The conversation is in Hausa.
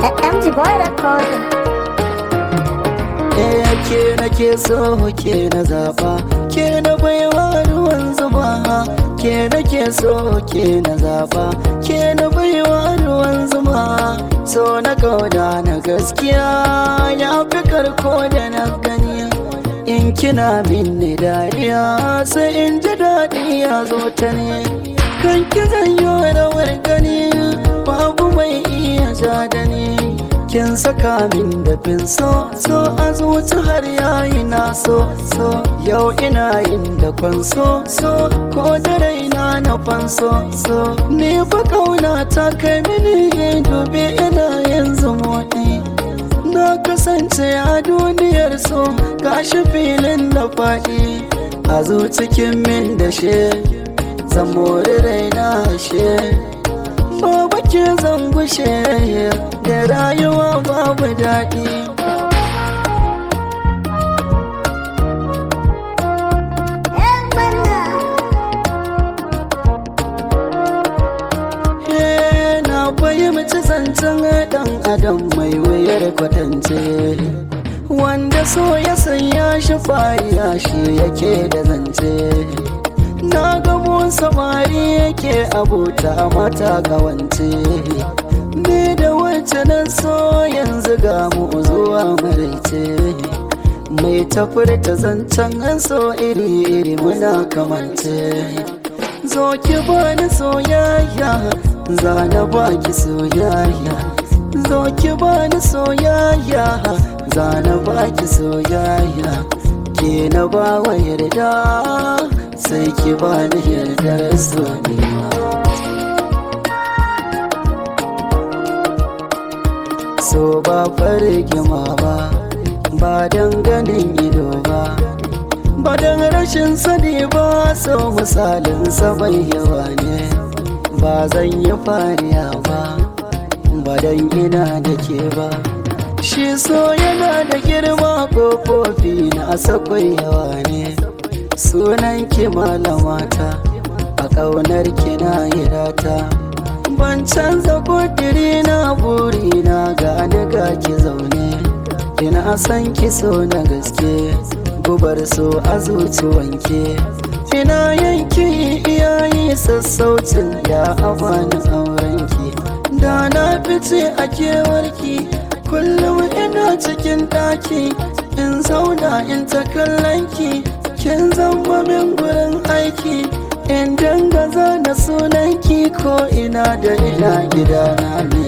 MG boy recording. Eh ke nake so ke na zaba ke na baiwa ruwan zuma ke nake so ke na zaba ke na baiwa ruwan zuma so na kauda na gaskiya ya fi karko da na gani in kina minni dariya sai in ji daɗi ya zo ta ne kan ki zanyo rawar gani babu mai kin saka min da bin so so a zuci har yayi na so so yau ina yin da kwanso so ko da raina na kwan so ni fa kauna ta kai mini dubi ina yanzu motsi na kasance a duniyar so gashi filin da faɗi a zuci cikin min da she zan raina she ke zan da rayuwa babu daɗi na fahimci zancen ɗan adam mai wuyar kwatance wanda so ya sanya shi fariya shi yake da zance na ga samari yake abota mata kawance ni da wacce nan so yanzu ga mu zuwa maraice mai tafurta ta zancen so iri iri muna kamance zo ki bani soyayya za na ba ki soyayya zo ki bani soyayya za na ba baki soyayya ke na ba wa yarda sai ki ba ni yardar ma. so ba fargima ba ba don ganin ido ba ba don rashin sani ba so misalin saman yawa ne ba zan yi fariya ba ba don gina da ke ba shi so yana da girma kofofi na sakwai yawa ne sunan ki malamata a ƙaunar ki na hirata ban canza kudiri na buri na ga ga ki zaune ina san ki so na gaske gubar so a zuciwanke ina yanki iyayi sassaucin ya auren aurenki da na fice a kewarki kullum ina cikin ɗaki in zauna in ta kallon ki kin zama min gurin aiki in dinga zana sunanki ko ina da ina gidana ne